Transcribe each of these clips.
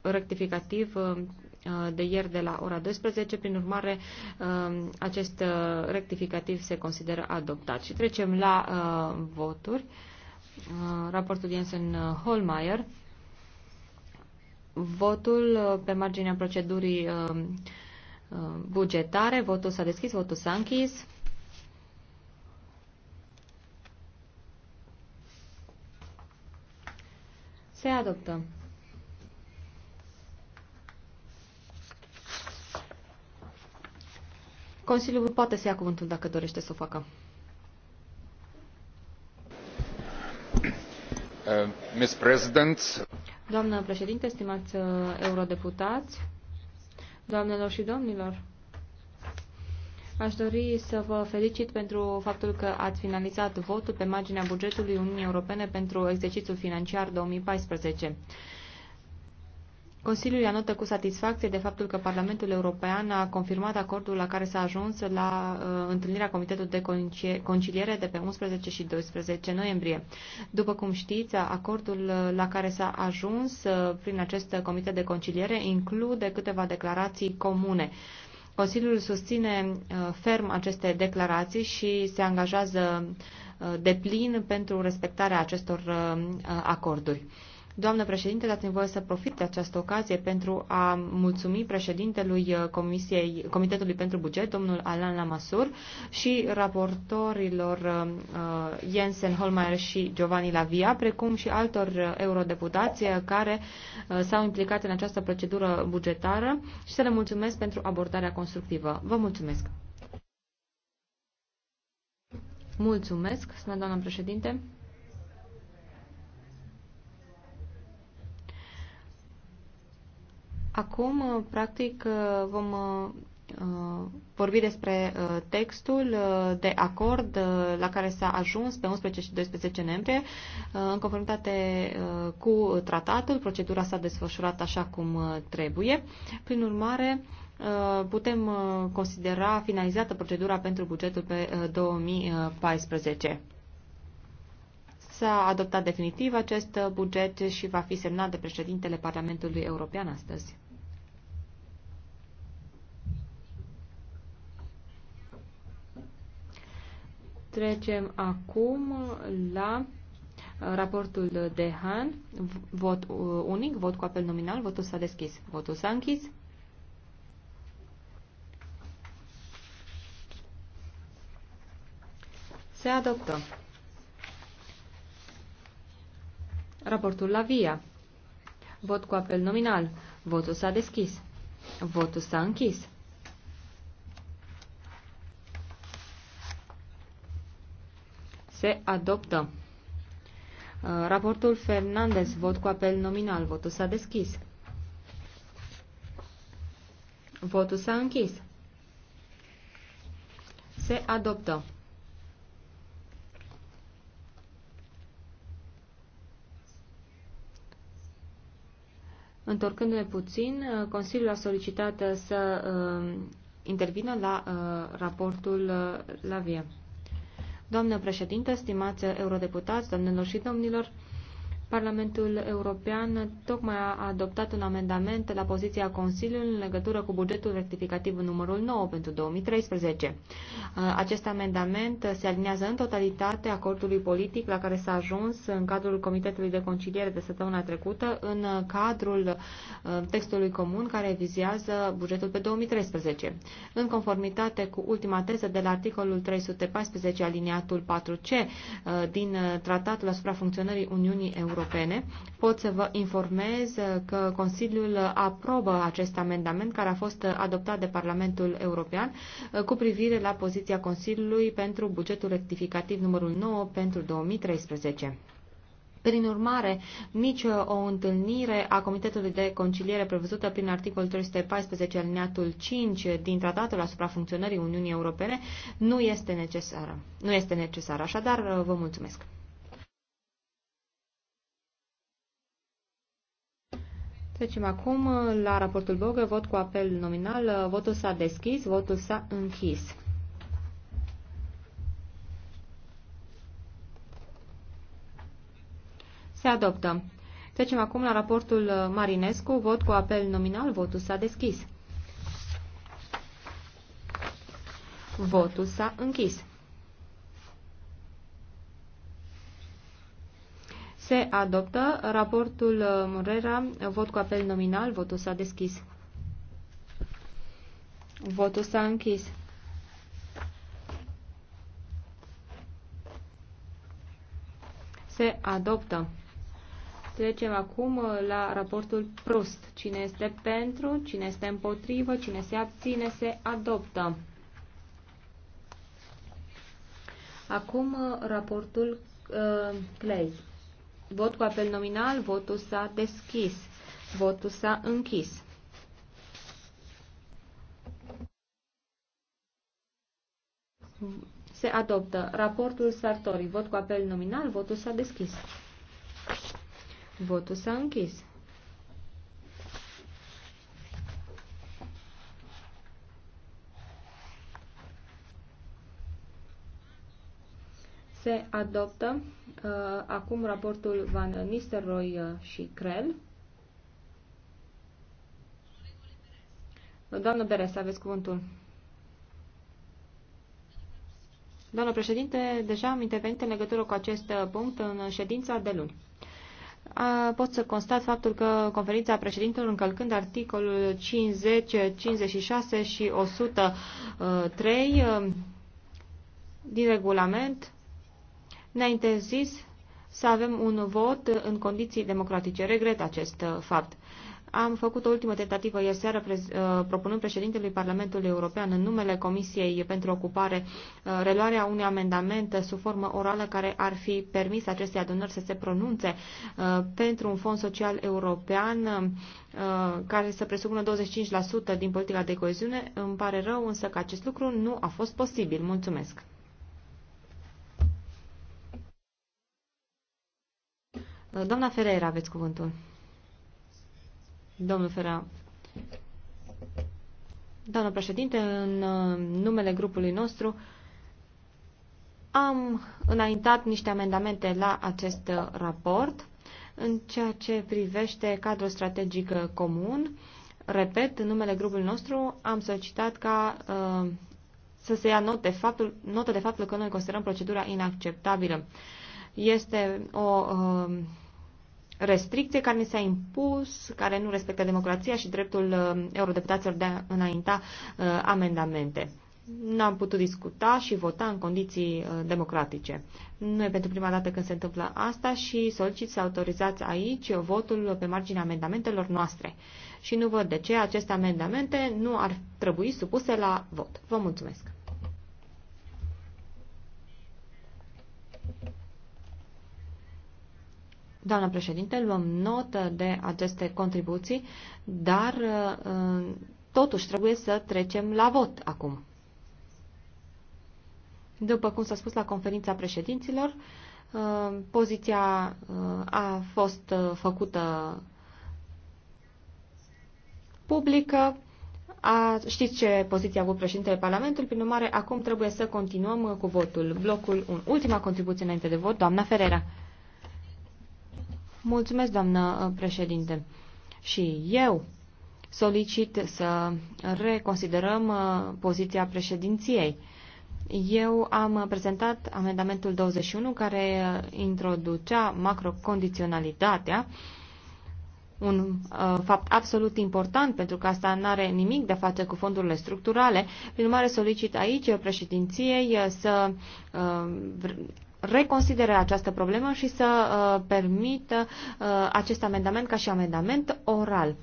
rectificativ uh, de ieri de la ora 12. Prin urmare, uh, acest uh, rectificativ se consideră adoptat. Și trecem la voturi. Raportul Jensen Holmeier. Votul pe marginea procedurii bugetare. Votul s-a deschis, votul s-a închis. Se adoptă. Consiliul poate să ia cuvântul dacă dorește să o facă. Uh, Miss President. Doamnă președinte, stimați uh, eurodeputați, doamnelor și domnilor, Aș dori să vă felicit pentru faptul că ați finalizat votul pe marginea bugetului Uniunii Europene pentru exercițiul financiar 2014. Consiliul anotă cu satisfacție de faptul că Parlamentul European a confirmat acordul la care s-a ajuns la uh, întâlnirea Comitetului de Conciliere de pe 11 și 12 noiembrie. După cum știți, acordul uh, la care s-a ajuns uh, prin acest Comitet de Conciliere include câteva declarații comune. Consiliul susține uh, ferm aceste declarații și se angajează uh, de plin pentru respectarea acestor uh, acorduri. Doamnă președinte, dați-mi voie să profit de această ocazie pentru a mulțumi președintelui uh, Comisiei, Comitetului pentru Buget, domnul Alan Lamasur, și raportorilor uh, uh Jensen Holmeier și Giovanni Lavia, precum și altor uh, eurodeputați care uh, s-au implicat în această procedură bugetară și să le mulțumesc pentru abordarea constructivă. Vă mulțumesc! Mulțumesc, spune președinte. Acum, uh, practic, uh, vom uh, vorbi despre textul de acord la care s-a ajuns pe 11 și 12 noiembrie. În conformitate cu tratatul, procedura s-a desfășurat așa cum trebuie. Prin urmare, putem considera finalizată procedura pentru bugetul pe 2014. S-a adoptat definitiv acest buget și va fi semnat de președintele Parlamentului European astăzi. Trecem acum la uh, raportul de Han, vot uh, unic, vot cu apel nominal, votul s-a deschis, votul s-a închis. Se adoptă. Raportul la VIA. Vot cu apel nominal. Votul s-a deschis. Votul s-a închis. Se adoptă. Uh, raportul Fernandez, vot cu apel nominal. Votul s-a deschis. Votul s-a închis. Se adoptă. Întorcându-ne puțin, uh, Consiliul a solicitat uh, să uh, intervină la uh, raportul uh, la vie. Doamnă președinte, stimați eurodeputați, doamnelor și domnilor, Parlamentul European tocmai a adoptat un amendament la poziția Consiliului în legătură cu bugetul rectificativ numărul 9 pentru 2013. Uh, acest amendament se aliniază în totalitate acordului politic la care s-a ajuns în cadrul Comitetului de Conciliere de săptămâna trecută în cadrul uh, textului comun care vizează bugetul pe 2013. În conformitate cu ultima teză de la articolul 314 aliniatul 4C uh, din Tratatul asupra funcționării Uniunii Europene, Europene, pot să vă informez că Consiliul aprobă acest amendament care a fost adoptat de Parlamentul European uh, cu privire la poziția Consiliului pentru bugetul rectificativ numărul 9 pentru 2013. Prin urmare, nici o întâlnire a Comitetului de Conciliere prevăzută prin articolul 314 alineatul 5 din Tratatul asupra funcționării Uniunii Europene nu este necesară. Nu este necesară. Așadar, uh, vă mulțumesc. Trecem acum la raportul Bogă, vot cu apel nominal. Votul s-a deschis, votul s-a închis. Se adoptă. Trecem acum la raportul Marinescu, vot cu apel nominal, votul s-a deschis. Votul s-a închis. Se adoptă raportul uh, Morera, vot cu apel nominal, votul s-a deschis. Votul s-a închis. Se adoptă. Trecem acum uh, la raportul Prost. Cine este pentru, cine este împotrivă, cine se abține, se adoptă. Acum uh, raportul uh, Clay. Vot cu apel nominal, votul s-a deschis. Votul s-a închis. Se adoptă raportul Sartori. Vot cu apel nominal, votul s-a deschis. Votul s-a închis. se adoptă uh, acum raportul Van Nistelrooy uh, și Crel. Doamnă Beres, aveți cuvântul. Doamnă președinte, deja am intervenit în legătură cu acest uh, punct în ședința de luni. A, pot să constat faptul că conferința președintelor, încălcând articolul 50, 56 și 103 uh, din regulament, ne-a interzis să avem un vot în condiții democratice. Regret acest uh, fapt. Am făcut o ultimă tentativă ieri seară uh, propunând președintelui Parlamentului European în numele Comisiei pentru Ocupare uh, reluarea unui amendament sub formă orală care ar fi permis acestei adunări să se pronunțe pentru un fond social european care să presupună 25% din politica de coeziune. Îmi pare rău însă că acest lucru nu a fost posibil. Mulțumesc! Doamna Ferreira, aveți cuvântul. Domnul Ferreira. Doamna președinte, în uh, numele grupului nostru am înaintat niște amendamente la acest uh, raport în ceea ce privește cadrul strategic uh, comun. Repet, în numele grupului nostru am solicitat ca uh, să se ia note, faptul, notă de faptul că noi considerăm procedura inacceptabilă. Este o uh, restricție care ni s-a impus, care nu respectă democrația și dreptul uh, eurodeputaților de a înainta uh, amendamente. Nu am putut discuta și vota în condiții uh, democratice. Nu e pentru prima dată când se întâmplă asta și solicit să autorizați aici votul pe marginea amendamentelor noastre. Și nu văd de ce aceste amendamente nu ar trebui supuse la vot. Vă mulțumesc! Doamnă președinte, luăm notă de aceste contribuții, dar uh, totuși trebuie să trecem la vot acum. După cum s-a spus la conferința președinților, uh, poziția uh, a fost făcută publică. A, știți ce poziție a avut președintele Parlamentului, prin urmare acum trebuie să continuăm cu votul. Blocul 1. Ultima contribuție înainte de vot, doamna Ferreira. Mulțumesc, doamnă uh, președinte. Și eu solicit să reconsiderăm uh, poziția președinției. Eu am prezentat amendamentul 21 care uh, introducea macrocondiționalitatea, un fapt absolut important pentru că asta nu are nimic de față face cu fondurile structurale. Prin urmare solicit aici președinției să reconsidere această problemă și să uh, permită uh, acest amendament ca și amendament oral.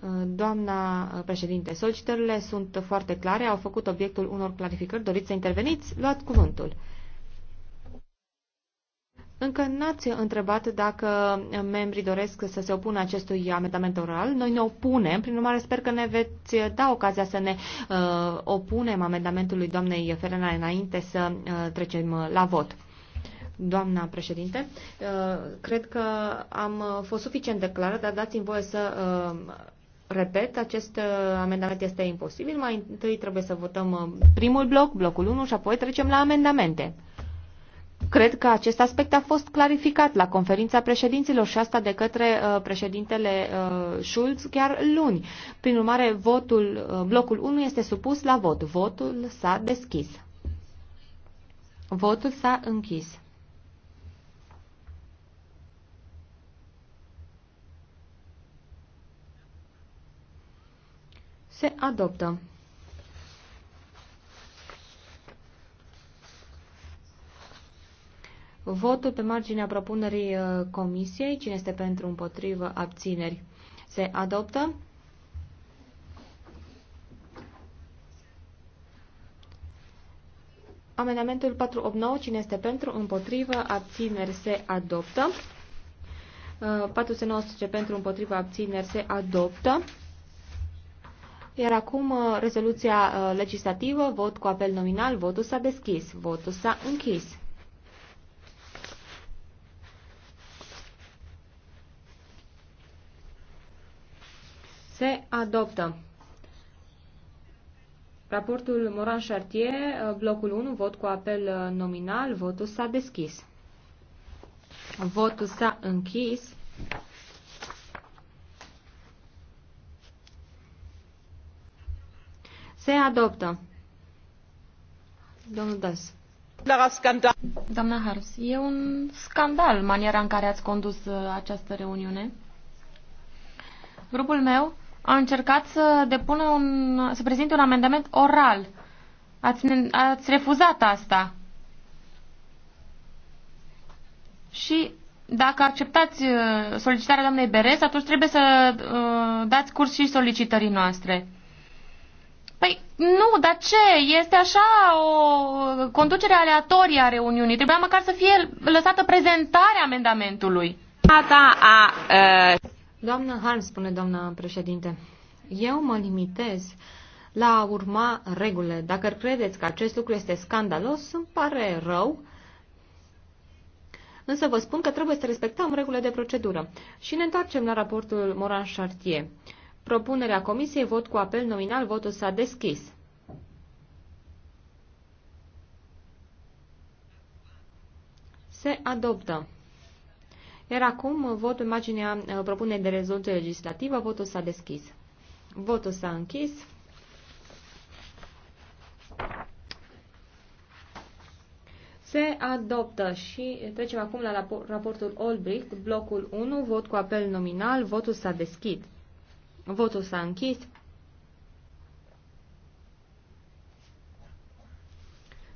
Uh, doamna președinte, solicitările sunt foarte clare, au făcut obiectul unor clarificări. Doriți să interveniți? Luați cuvântul. Încă n-ați întrebat dacă membrii doresc să se opună acestui amendament oral. Noi ne opunem, prin urmare sper că ne veți da ocazia să ne uh, opunem amendamentului doamnei Ferena înainte să uh, trecem la vot. Doamna președinte, uh, cred că am fost suficient de clară, dar dați-mi voie să uh, repet, acest uh, amendament este imposibil. Mai întâi trebuie să votăm uh, primul bloc, blocul 1 și apoi trecem la amendamente. Cred că acest aspect a fost clarificat la conferința președinților și asta de către uh, președintele uh, Schulz chiar luni. Prin urmare, votul, uh, blocul 1 este supus la vot. Votul s-a deschis. Votul s-a închis. Se adoptă. Votul pe marginea propunerii uh, comisiei. Cine este pentru, împotrivă, abțineri. Se adoptă. Amendamentul 489, cine este pentru, împotrivă, abțineri, se adoptă. 419 uh, pentru, împotrivă, abțineri, se adoptă. Iar acum uh, rezoluția legislativă, vot cu apel nominal, votul s-a deschis, votul s-a închis. Se adoptă. Raportul Moran Chartier, uh, blocul 1, vot cu apel uh, nominal, votul s-a deschis. Votul s-a închis. Se adoptă. Domnul Das. Doamna Harus, e un scandal maniera în care ați condus uh, această reuniune. Grupul meu a încercat să depună un, să prezinte un amendament oral. Ați, ați refuzat asta. Și dacă acceptați uh, solicitarea doamnei Beres, atunci trebuie să uh, dați curs și solicitării noastre. Păi nu, dar ce? Este așa o conducere aleatorie a reuniunii. Trebuia măcar să fie lăsată prezentarea amendamentului. Data a, uh... Doamnă Hans, spune doamna președinte, eu mă limitez la a urma regulile. Dacă credeți că acest lucru este scandalos, îmi pare rău, însă vă spun că trebuie să respectăm regulile de procedură. Și ne întoarcem la raportul Moran-Chartier. Propunerea comisiei, vot cu apel nominal, votul s-a deschis. Se adoptă. Iar acum vot imaginea uh, propunerii de rezoluție legislativă. Votul s-a deschis. Votul s-a închis. Se adoptă și trecem acum la raportul Olbrich, blocul 1, vot cu apel nominal, votul s-a deschis. Votul s-a închis.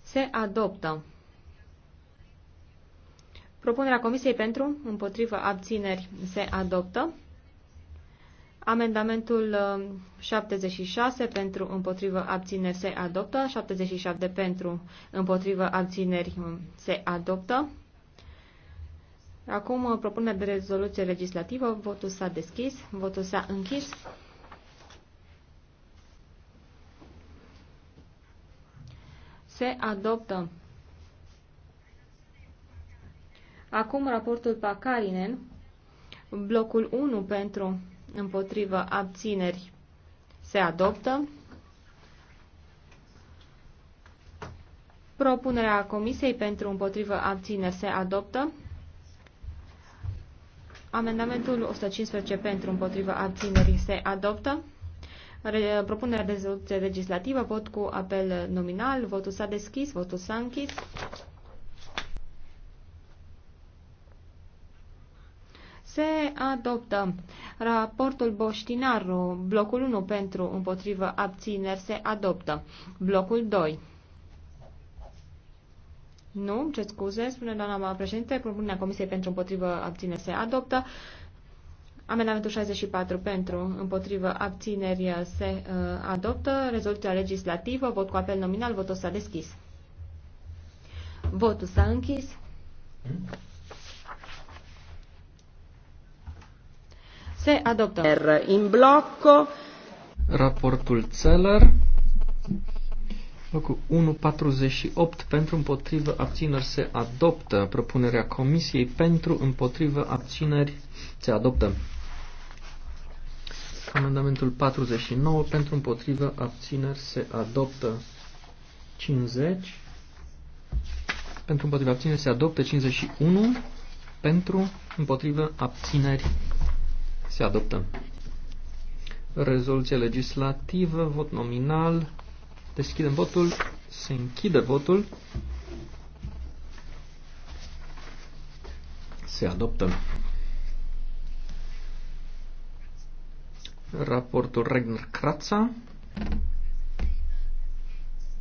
Se adoptă. Propunerea Comisiei pentru, împotrivă, abțineri se adoptă. Amendamentul 76 uh, pentru împotrivă abțineri se adoptă, 77 pentru împotrivă abțineri um, se adoptă. Acum uh, propunerea de rezoluție legislativă, votul s-a deschis, votul s-a închis. Se adoptă Acum raportul Pacarinen, blocul 1 pentru împotrivă abțineri se adoptă. Propunerea Comisiei pentru împotrivă abțineri se adoptă. Amendamentul 115 pentru împotrivă abținerii se adoptă. Propunerea de rezoluție legislativă, vot cu apel nominal, votul s-a deschis, votul s-a închis. Se adoptă raportul Boștinaru, blocul 1 pentru împotrivă abțineri, se adoptă. Blocul 2. Nu, ce scuze, spune doamna președinte, propunerea Comisiei pentru împotrivă abțineri se adoptă. Amendamentul 64 pentru, împotrivă, abțineri se uh, adoptă. Rezoluția legislativă, vot cu apel nominal, votul s-a deschis. Votul s-a închis. Mm? Se adoptă. În blocco. Raportul Zeller. Locul 1.48 pentru împotrivă abțineri se adoptă. Propunerea Comisiei pentru împotrivă abțineri se adoptă. Amendamentul 49 pentru împotrivă abțineri se adoptă. 50 pentru împotrivă abțineri se adoptă. 51 pentru împotrivă abțineri se adoptă. Rezoluție legislativă, vot nominal. Deschidem votul. Se închide votul. Se adoptă. Raportul Regner Kratza.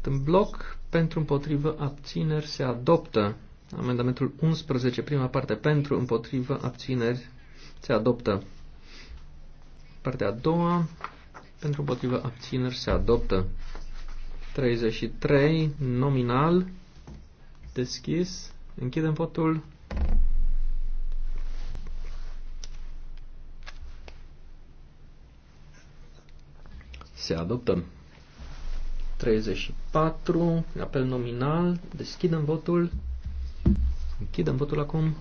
În bloc, pentru împotrivă abțineri se adoptă. Amendamentul 11, prima parte, pentru împotrivă abțineri se adoptă. Partea a doua, pentru împotriva abțineri se adoptă. 33, nominal, deschis, închidem votul. Se adoptă. 34, apel nominal, deschidem votul. Închidem votul acum.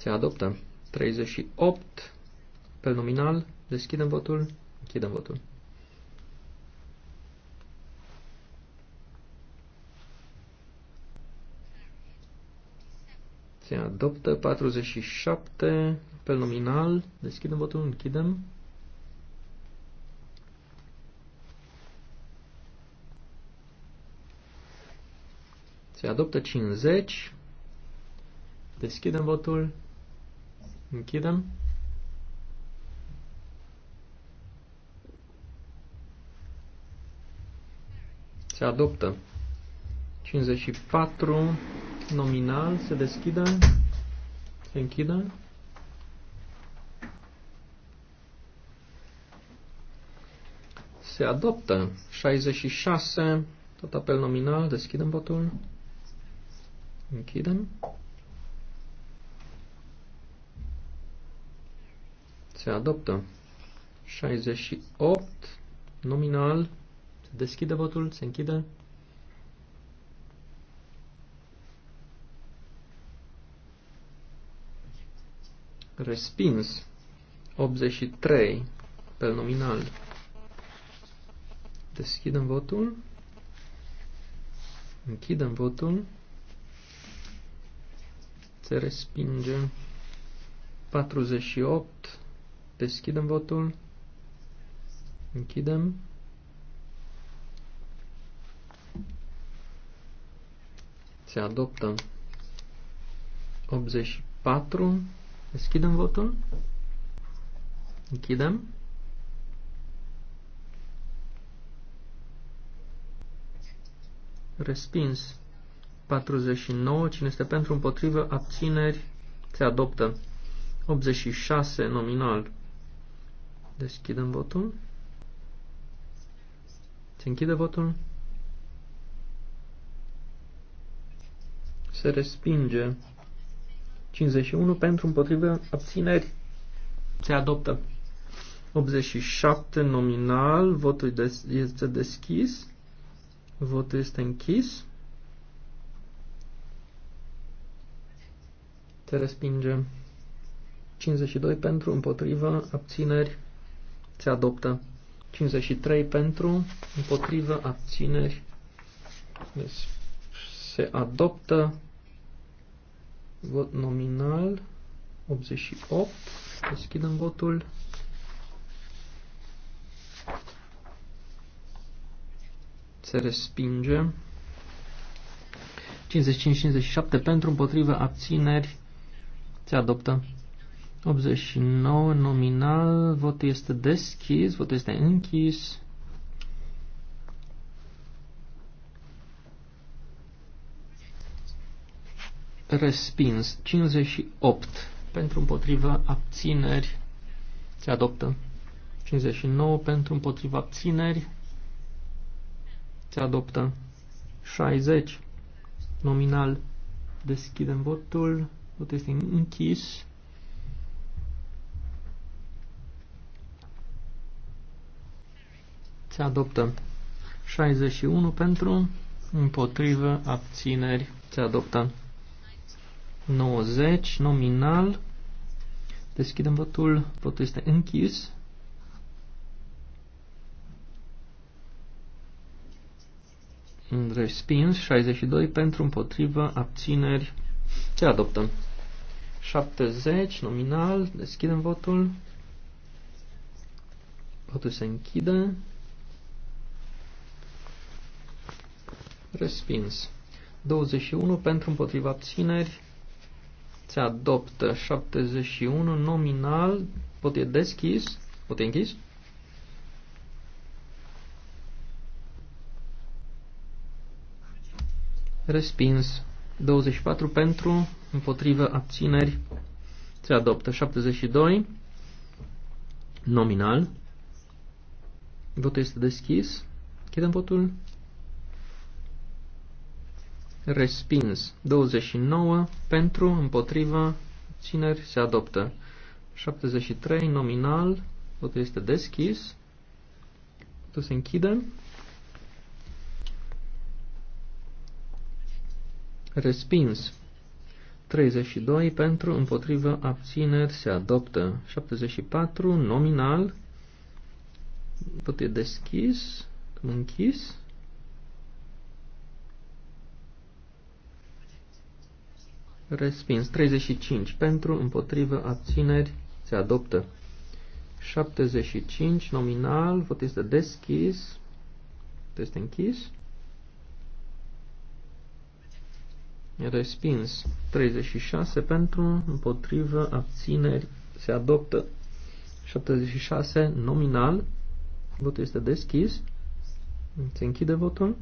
Se adoptă. 38 pe nominal. Deschidem votul. Închidem votul. Se adoptă 47 pe nominal. Deschidem votul, închidem. Se adoptă 50. Deschidem votul, Închidem. Se adoptă. 54 nominal se deschide, se închide. Se adoptă. 66, tot apel nominal, deschidem botul. Închidem. Se adoptă. 68. Nominal. Se deschide votul, se închide. Respins. 83. Pe nominal. Deschidem votul. Închidem votul. Se respinge. 48 Deschidem votul. Închidem. Se adoptă 84. Deschidem votul. Închidem. Respins 49. Cine este pentru împotrivă, abțineri, se adoptă. 86 nominal. Deschidem votul. Se închide votul. Se respinge. 51 pentru împotrivă abțineri. Se adoptă. 87 nominal. Votul este deschis. Votul este închis. Se respinge. 52 pentru împotrivă abțineri se adoptă. 53 pentru, împotrivă, abțineri, deci se adoptă vot nominal 88, deschidem votul. Se respinge. 55-57 pentru, împotrivă, abțineri, se adoptă. 89 nominal, votul este deschis, votul este închis. Respins 58 pentru împotriva abțineri se adoptă. 59 pentru împotriva abțineri se adoptă. 60 nominal deschidem votul, votul este închis. se adoptă. 61 pentru, împotrivă, abțineri, se adoptă. 90, nominal. Deschidem votul, votul este închis. Respins, 62 pentru, împotrivă, abțineri, se adoptă. 70, nominal, deschidem votul. Votul se închide. Respins. 21 pentru împotriva abțineri. Se adoptă 71 nominal. pot e deschis. pot e închis. Respins. 24 pentru împotriva abțineri. Se adoptă 72 nominal. Votul este deschis. Chidem votul respins. 29 pentru, împotriva, țineri se adoptă. 73 nominal, votul este deschis. Votul se închide. Respins. 32 pentru, împotrivă, abțineri se adoptă. 74 nominal, tot e deschis, închis. Respins. 35 pentru, împotrivă, abțineri, se adoptă. 75 nominal, vot este deschis. Vot este închis. Respins. 36 pentru, împotrivă, abțineri, se adoptă. 76 nominal, votul este deschis. Se închide votul.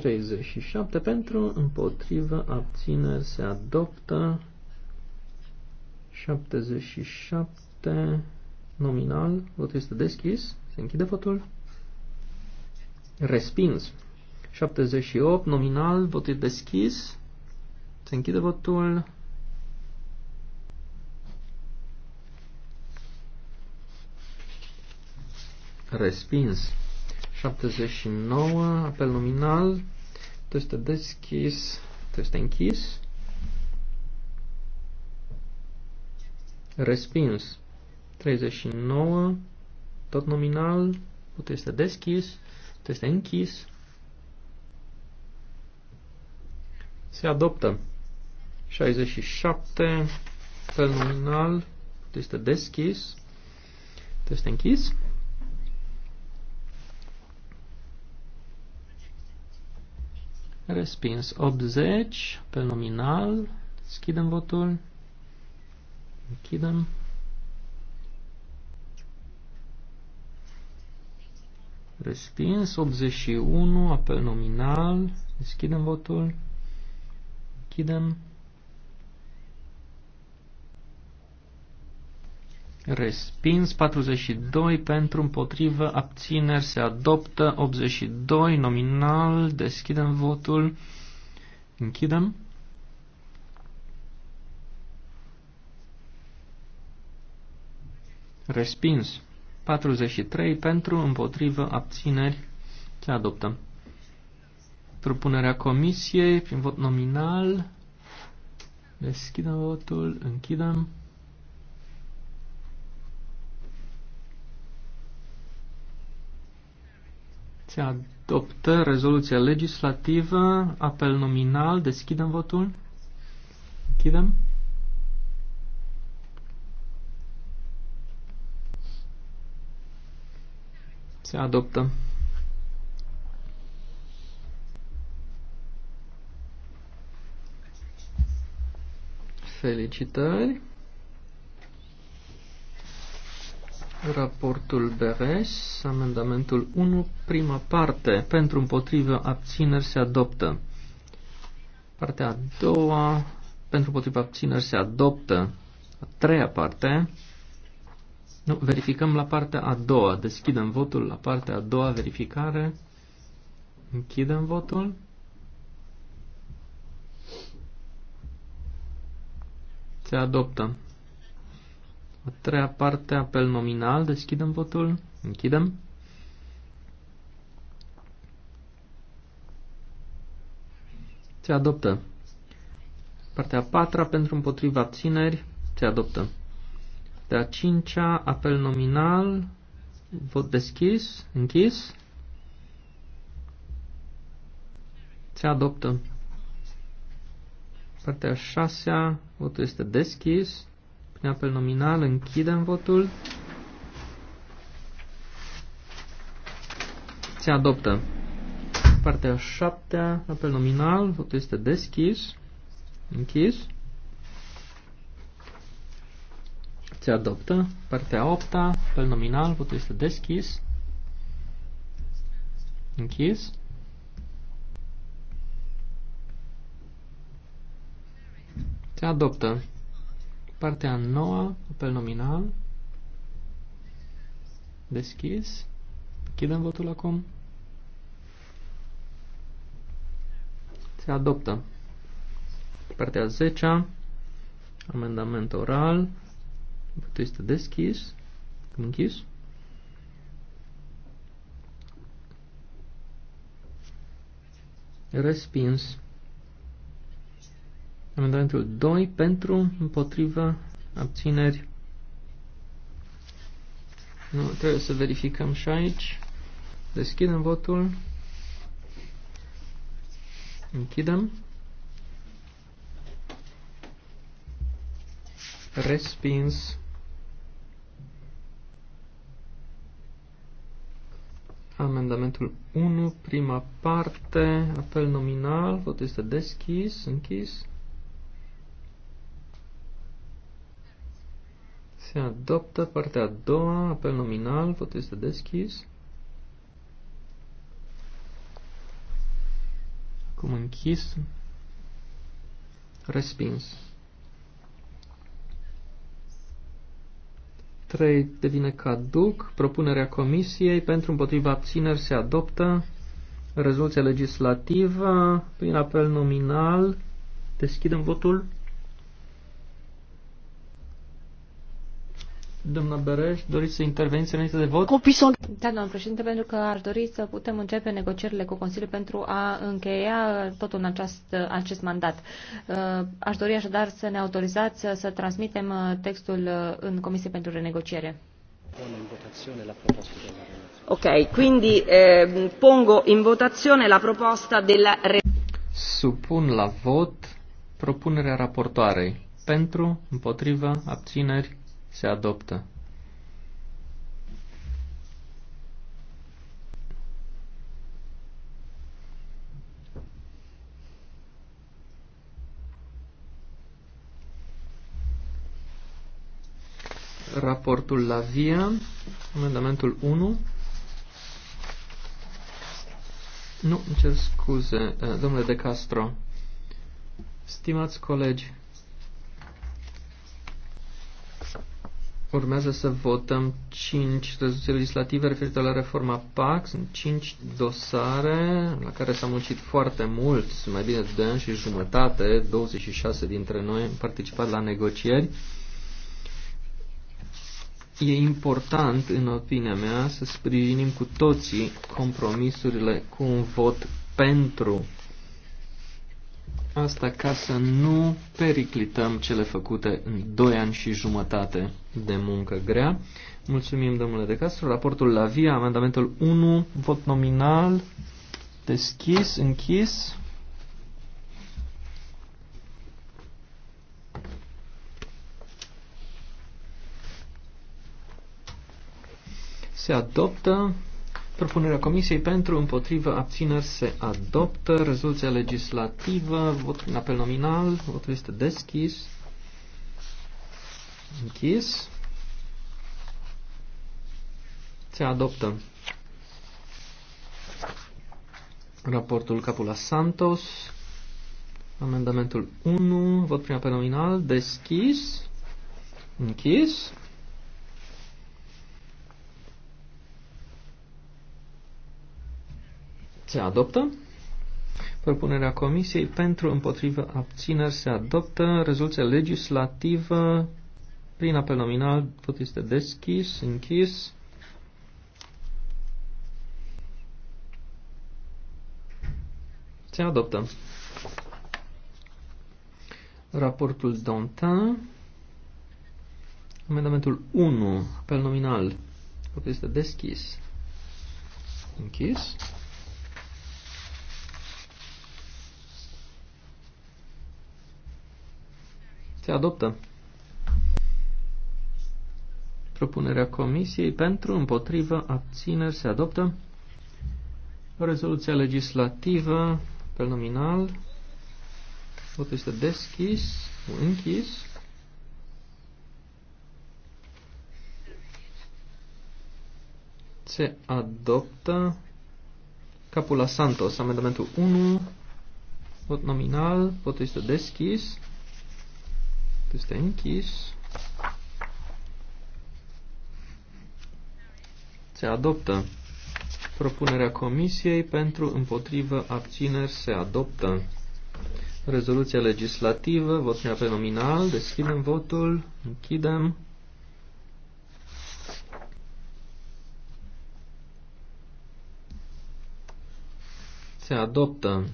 37 pentru, împotrivă, abțineri, se adoptă. 77 nominal, votul este deschis, se închide votul. Respins. 78 nominal, votul deschis, se închide votul. Respins. 79, apel nominal, test deschis, test închis. Respins. 39, tot nominal, votul este deschis, votul este închis. Se adoptă. 67, apel nominal, votul este deschis, votul este închis. Respins 80 pe nominal. Deschidem votul. Închidem. Respins 81 apel nominal. Deschidem votul. Închidem. Respins 42 pentru împotrivă, abțineri se adoptă 82 nominal, deschidem votul, închidem. Respins 43 pentru împotrivă, abțineri se adoptă. Propunerea comisiei prin vot nominal, deschidem votul, închidem. Se adoptă rezoluția legislativă, apel nominal, deschidem votul. Închidem. Se adoptă. Felicitări. Raportul Beres, amendamentul 1, prima parte, pentru împotrivă abțineri se adoptă. Partea a doua, pentru împotrivă abțineri se adoptă. A treia parte, nu, verificăm la partea a doua, deschidem votul la partea a doua, verificare, închidem votul. Se adoptă. A treia parte, apel nominal. Deschidem votul. Închidem. Se adoptă. Partea a patra, pentru împotriva abțineri, se adoptă. Partea a cincea, apel nominal, vot deschis, închis. Se adoptă. Partea a șasea, votul este deschis, prin apel nominal închidem votul. Se adoptă. Partea 7, apel nominal, votul este deschis, închis. Se adoptă. Partea 8, opta, apel nominal, votul este deschis, închis. Se adoptă. Partea nouă, apel nominal, deschis. Închidem votul acum. Se adoptă. Partea 10 amendament oral, votul este deschis, închis. Respins. Amendamentul 2 pentru, împotriva abțineri. Nu, trebuie să verificăm și aici. Deschidem votul. Închidem. Respins. Amendamentul 1, prima parte, apel nominal, votul este deschis, închis. Se adoptă partea a doua, apel nominal, votul este deschis. Acum închis. Respins. 3 devine caduc. Propunerea comisiei pentru împotriva abțineri se adoptă. Rezoluția legislativă prin apel nominal. Deschidem votul. Doamna Bereș, doriți să interveniți înainte de vot? Copii sunt... Da, doamnă președinte, pentru că ar dori să putem începe negocierile cu Consiliul pentru a încheia totul în acest, acest mandat. Uh, aș dori așadar să ne autorizați să transmitem uh, textul uh, în Comisie pentru Renegociere. Ok, quindi eh, pongo in votazione la proposta della... Supun la vot propunerea raportoarei. Pentru, împotriva, abțineri, se adoptă. Raportul la via, amendamentul 1. Nu, îmi cer scuze, eh, domnule De Castro. Stimați colegi, Urmează să votăm 5 rezoluții legislative referitoare la reforma PAC. Sunt 5 dosare la care s-a muncit foarte mult, sunt mai bine de ani și jumătate, 26 dintre noi am participat la negocieri. E important, în opinia mea, să sprijinim cu toții compromisurile cu un vot pentru Asta ca să nu periclităm cele făcute în 2 ani și jumătate de muncă grea. Mulțumim, domnule De Castro. Raportul la via, amendamentul 1, vot nominal, deschis, închis. Se adoptă Propunerea Comisiei pentru împotrivă abțineri se adoptă. Rezoluția legislativă, vot în apel nominal, votul este deschis. Închis. Se adoptă raportul Capula Santos, amendamentul 1, vot prin apel nominal, deschis, închis. Se adoptă. Propunerea Comisiei pentru împotrivă abțineri se adoptă. Rezoluția legislativă prin apel nominal. Tot este deschis, închis. Se adoptă. Raportul Dantin. Amendamentul 1, apel nominal. tot este deschis. Închis. Se adoptă. Propunerea Comisiei pentru, împotrivă, abțineri se adoptă. Rezoluția legislativă pe nominal. Votul este deschis, închis. Se adoptă capul Santos, amendamentul 1, vot nominal, votul este deschis este închis. Se adoptă. Propunerea Comisiei pentru împotrivă abțineri se adoptă. Rezoluția legislativă, vot pe nominal, deschidem votul, închidem. Se adoptă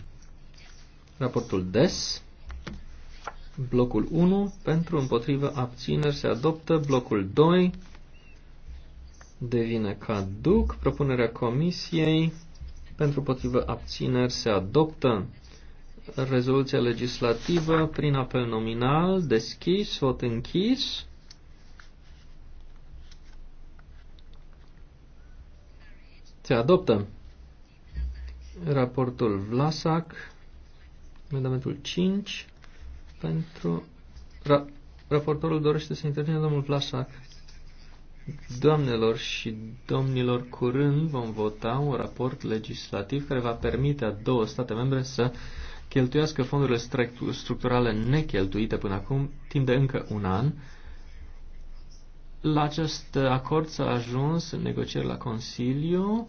raportul DES. Blocul 1 pentru împotrivă abțineri se adoptă. Blocul 2 devine caduc. Propunerea comisiei pentru împotrivă abțineri se adoptă. Rezoluția legislativă prin apel nominal deschis, vot închis. Se adoptă raportul Vlasac, amendamentul 5 pentru... Ra, raportorul dorește să intervine domnul Vlasac, Doamnelor și domnilor, curând vom vota un raport legislativ care va permite a două state membre să cheltuiască fondurile structurale necheltuite până acum, timp de încă un an. La acest acord s-a ajuns în negocieri la Consiliu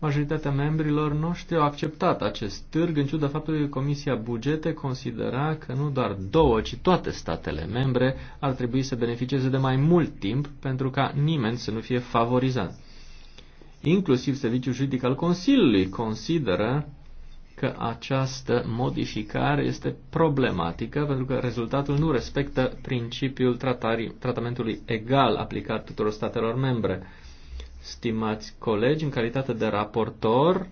majoritatea membrilor noștri au acceptat acest târg, în ciuda faptului că Comisia Bugete considera că nu doar două, ci toate statele membre ar trebui să beneficieze de mai mult timp pentru ca nimeni să nu fie favorizat. Inclusiv Serviciul Juridic al Consiliului consideră că această modificare este problematică pentru că rezultatul nu respectă principiul tratarii, tratamentului egal aplicat tuturor statelor membre stimați colegi, în calitate de raportor,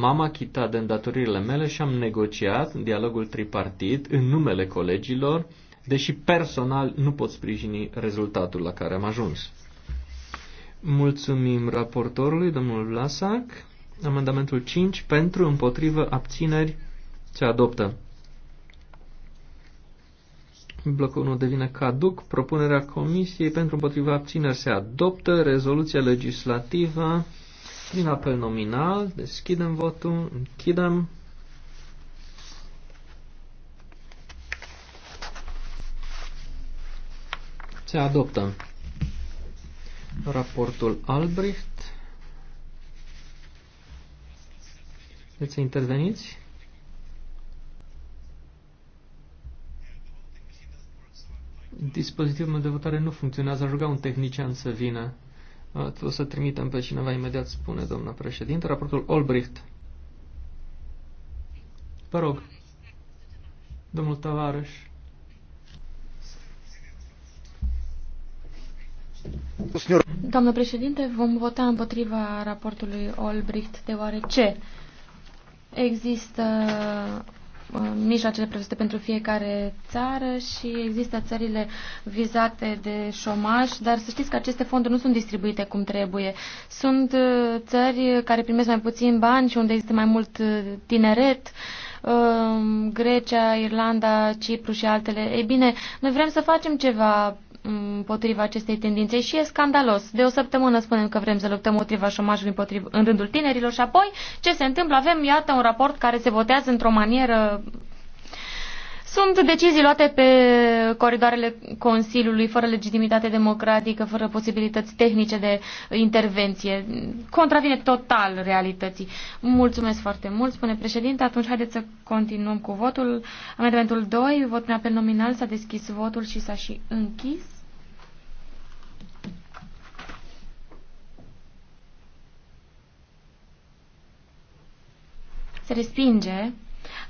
m-am achitat de îndatoririle mele și am negociat în dialogul tripartit în numele colegilor, deși personal nu pot sprijini rezultatul la care am ajuns. Mulțumim raportorului, domnul Vlasac. Amendamentul 5 pentru, împotrivă, abțineri se adoptă. Blocul 1 devine caduc. Propunerea Comisiei pentru împotriva abțineri se adoptă. Rezoluția legislativă prin apel nominal. Deschidem votul. Închidem. Se adoptă raportul Albrecht. Veți să interveniți? dispozitivul meu de votare nu funcționează, aș ruga un tehnician să vină. O să trimitem pe cineva imediat, spune doamna președinte. Raportul Olbricht. Vă rog, domnul Tavares. Doamnă președinte, vom vota împotriva raportului Olbricht, deoarece există Uh, mijloacele prevăzute pentru fiecare țară și există țările vizate de șomaj, dar să știți că aceste fonduri nu sunt distribuite cum trebuie. Sunt uh, țări care primesc mai puțin bani și unde există mai mult uh, tineret, Grecia, Irlanda, Cipru și altele. Ei bine, noi vrem să facem ceva împotriva acestei tendințe și e scandalos. De o săptămână spunem că vrem să luptăm împotriva șomajului împotriva, în rândul tinerilor și apoi ce se întâmplă? Avem, iată, un raport care se votează într-o manieră sunt decizii luate pe coridoarele Consiliului, fără legitimitate democratică, fără posibilități tehnice de intervenție. Contravine total realității. Mulțumesc foarte mult, spune președinte. Atunci haideți să continuăm cu votul. Amendamentul 2, vot prin apel nominal, s-a deschis votul și s-a și închis. Se respinge.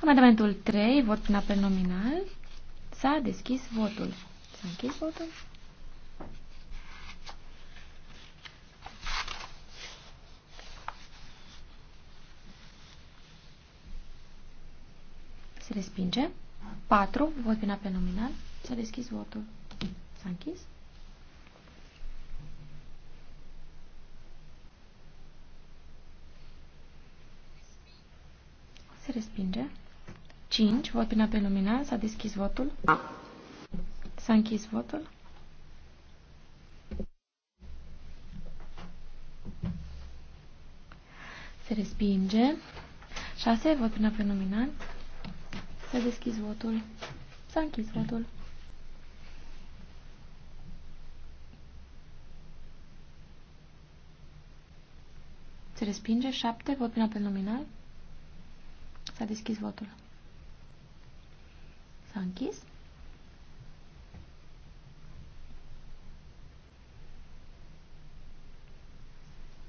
Amendamentul 3, vot până pe nominal. S-a deschis votul. S-a închis votul. Se respinge. 4. Vot până pe nominal. S-a deschis votul. S-a închis. Se respinge. 5, da. vot prin apel nominal. S-a deschis votul. S-a închis votul. Se respinge. 6, vot prin apel nominal. S-a deschis votul. S-a închis votul. Se respinge. 7, vot prin apel nominal. S-a deschis votul. S-a închis.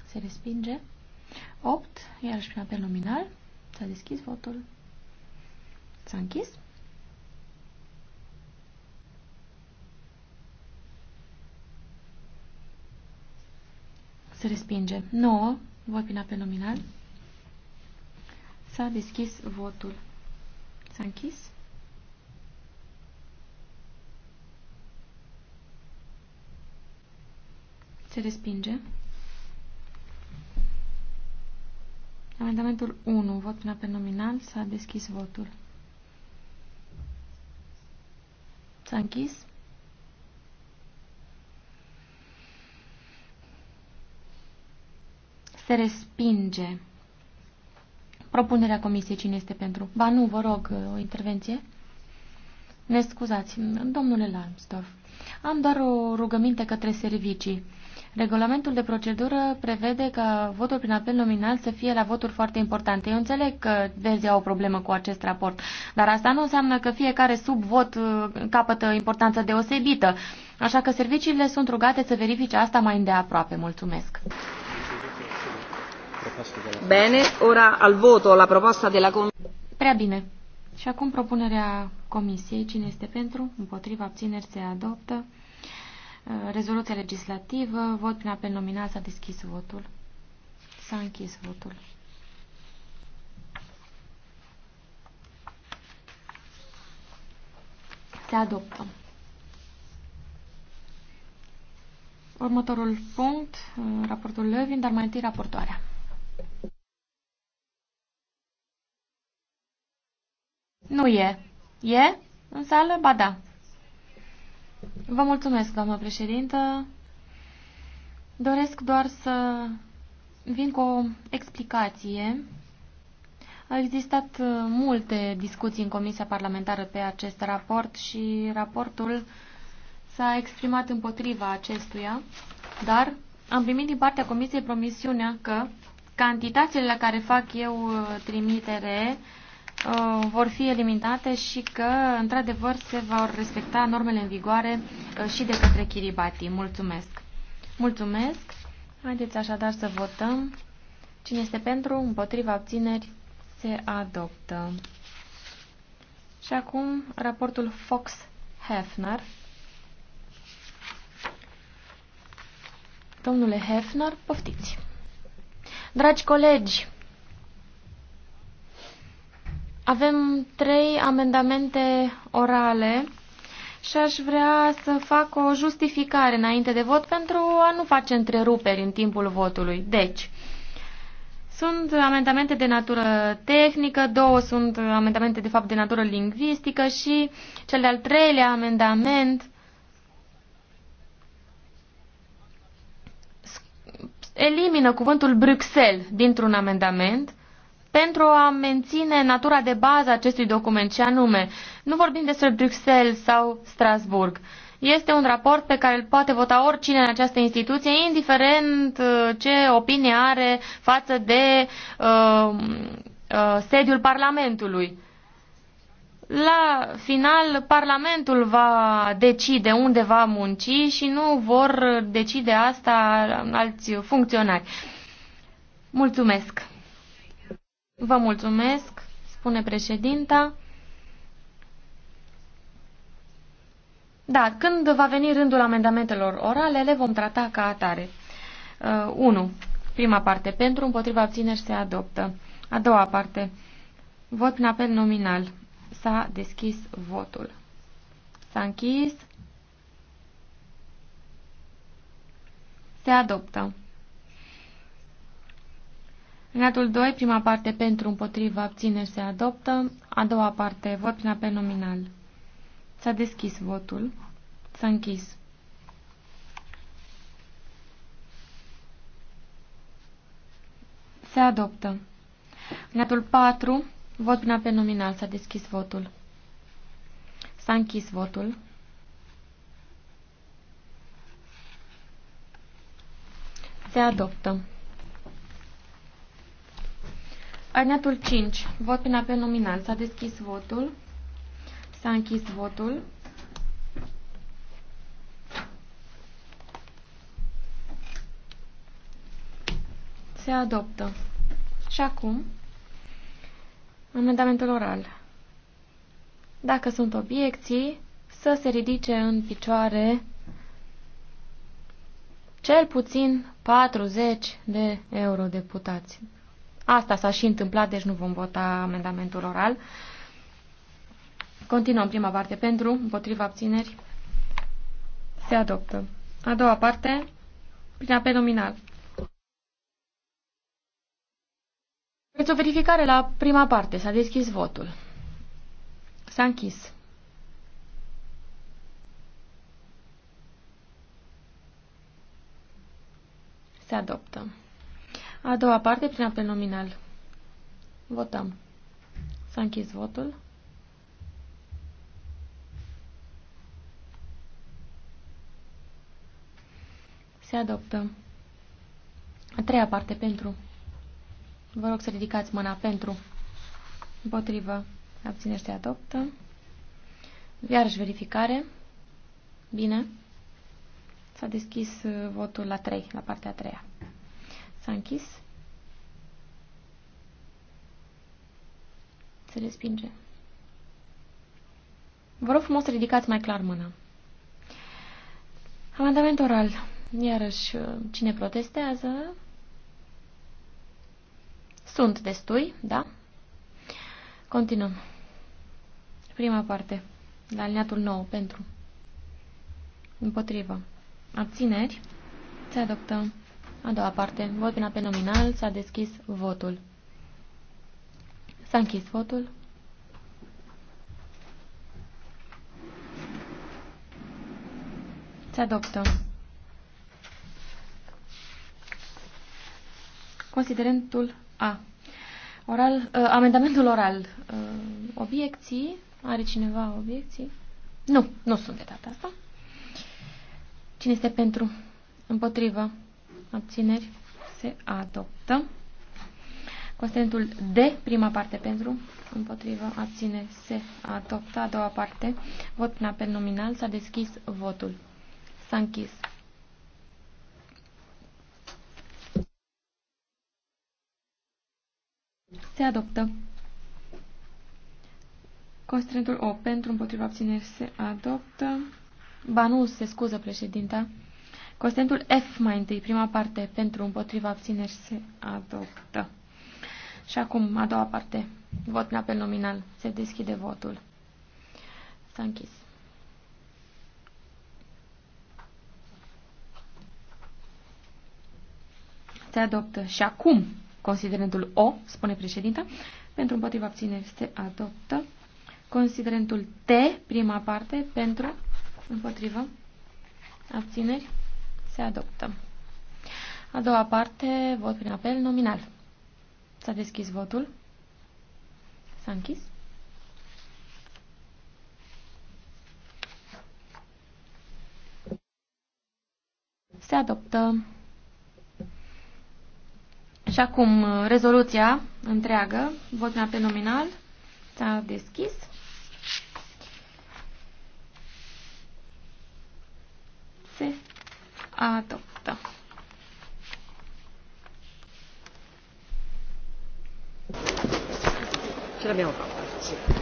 Se respinge. 8, iarăși prin apel nominal. S-a deschis votul. S-a închis. Se respinge. 9, vot prin apel nominal. S-a deschis votul. S-a închis. Se respinge. Amendamentul 1. Vot până pe nominal. S-a deschis votul. S-a închis. Se respinge. Propunerea comisiei cine este pentru? Ba nu, vă rog, o intervenție. Ne scuzați, domnule Lamsdorf. Am doar o rugăminte către servicii. Regulamentul de procedură prevede ca votul prin apel nominal să fie la voturi foarte importante. Eu înțeleg că vezi au o problemă cu acest raport, dar asta nu înseamnă că fiecare subvot uh, capătă importanță deosebită. Așa că serviciile sunt rugate să verifice asta mai îndeaproape. Mulțumesc. Bine, ora al voto la proposta de la Comisie. Prea bine. Și acum propunerea Comisiei. Cine este pentru? Împotriva abțineri se adoptă. Uh, Rezoluție legislativă, vot prin apel nominal, s-a deschis votul. S-a închis votul. Se adoptă. Următorul punct, uh, raportul Lövin, dar mai întâi raportoarea. Nu e. E? În sală? Ba da. Vă mulțumesc, doamnă președintă. Doresc doar să vin cu o explicație. Au existat uh, multe discuții în Comisia Parlamentară pe acest raport și raportul s-a exprimat împotriva acestuia, dar am primit din partea Comisiei promisiunea că cantitățile la care fac eu uh, trimitere Uh, vor fi eliminate și că, într-adevăr, se vor respecta normele în vigoare uh, și de către Kiribati. Mulțumesc! Mulțumesc! Haideți așadar să votăm. Cine este pentru, împotriva abțineri, se adoptă. Și acum raportul Fox-Hefner. Domnule Hefner, poftiți! Dragi colegi, avem trei amendamente orale și aș vrea să fac o justificare înainte de vot pentru a nu face întreruperi în timpul votului. Deci, sunt amendamente de natură tehnică, două sunt amendamente de fapt de natură lingvistică și cel de-al treilea amendament elimină cuvântul Bruxelles dintr-un amendament pentru a menține natura de bază a acestui document, și anume, nu vorbim despre Bruxelles sau Strasburg. Este un raport pe care îl poate vota oricine în această instituție, indiferent uh, ce opinie are față de uh, uh, sediul Parlamentului. La final, Parlamentul va decide unde va munci și nu vor decide asta alți funcționari. Mulțumesc! Vă mulțumesc, spune președinta. Da, când va veni rândul amendamentelor orale, le vom trata ca atare. Uh, 1. Prima parte. Pentru, împotriva abțineri se adoptă. A doua parte. Vot prin apel nominal. S-a deschis votul. S-a închis. Se adoptă. Alineatul 2, prima parte pentru, împotriva, abține, se adoptă. A doua parte, vot prin apel nominal. S-a deschis votul. S-a închis. Se adoptă. Alineatul 4, vot prin apel nominal. S-a deschis votul. S-a închis votul. Se adoptă. Alineatul 5. Vot prin apel nominal. S-a deschis votul. S-a închis votul. Se adoptă. Și acum, amendamentul oral. Dacă sunt obiecții, să se ridice în picioare cel puțin 40 de eurodeputați. Asta s-a și întâmplat, deci nu vom vota amendamentul oral. Continuăm prima parte pentru, împotriva abțineri. Se adoptă. A doua parte, prin apel nominal. Veți o verificare la prima parte. S-a deschis votul. S-a închis. Se adoptă. A doua parte, prin apel nominal. Votăm. S-a închis votul. Se adoptă. A treia parte, pentru. Vă rog să ridicați mâna pentru. Împotrivă. Abțineri se adoptă. Iarăși verificare. Bine. S-a deschis uh, votul la 3, la partea a treia. S-a închis. Se respinge. Vă rog frumos să ridicați mai clar mâna. Amandament oral. Iarăși, uh, cine protestează? Sunt destui, da? Continuăm. Prima parte. La alineatul nou Pentru. Împotrivă. Abțineri. Se adoptă. A doua parte, vot prin apel nominal, s-a deschis votul. S-a închis votul. Se adoptă. Considerentul A. Oral, uh, amendamentul oral. Uh, obiecții? Are cineva obiecții? Nu, nu sunt de data asta. Cine este pentru? Împotrivă? abțineri, se adoptă. Constantul D, prima parte pentru, împotrivă, abține, se adoptă. A doua parte, vot prin apel nominal, s-a deschis votul. S-a închis. Se adoptă. Constrentul O pentru împotriva abține, se adoptă. Ba nu, se scuză președinta. Consentul F mai întâi, prima parte, pentru împotriva abțineri se adoptă. Și acum, a doua parte, vot în apel nominal. Se deschide votul. S-a închis. Se adoptă. Și acum, considerentul O, spune președinta, pentru împotriva abțineri se adoptă. Considerentul T, prima parte, pentru împotriva abțineri se adoptă. A doua parte, vot prin apel nominal. S-a deschis votul. S-a închis. Se adoptă. Și acum rezoluția întreagă, vot prin apel nominal, s-a deschis. Se adoptă. Ce l'abbiamo o fac.